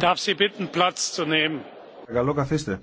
darf Sie bitten, Platz zu nehmen. Καλό καθίστε.